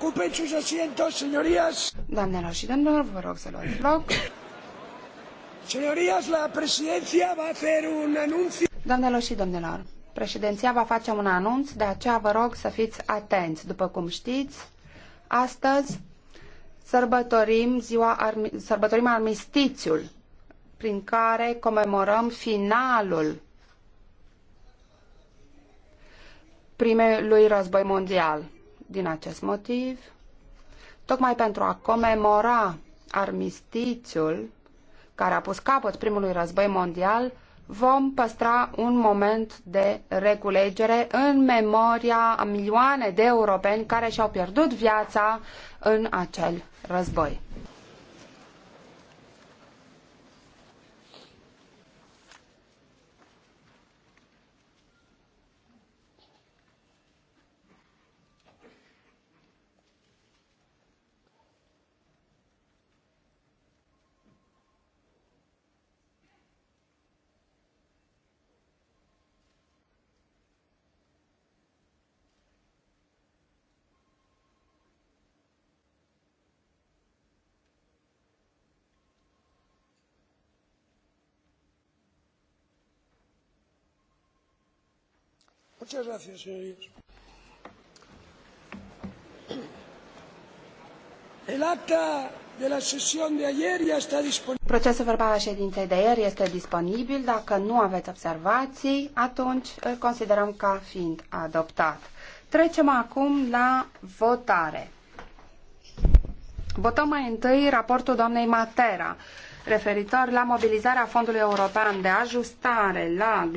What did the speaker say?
ocupen sus asientos, señorías. Doamnelor și domnilor, vă rog să luați loc. Señorías, la presidencia va a hacer un anuncio. Doamnelor și domnilor, președinția va face un anunț, de aceea vă rog să fiți atenți. După cum știți, astăzi sărbătorim, ziua armi, sărbătorim armistițiul prin care comemorăm finalul primului război mondial din acest motiv, tocmai pentru a comemora armistițiul care a pus capăt primului război mondial, vom păstra un moment de reculegere în memoria a milioane de europeni care și-au pierdut viața în acel război. Muchas gracias, señorías. El acta de la sesión de ayer ya está disponible. Procesul verbal al ședinței de ieri este disponibil. Dacă nu aveți observații, atunci îl considerăm ca fiind adoptat. Trecem acum la votare. Votăm mai întâi raportul doamnei Matera referitor la mobilizarea Fondului European de Ajustare la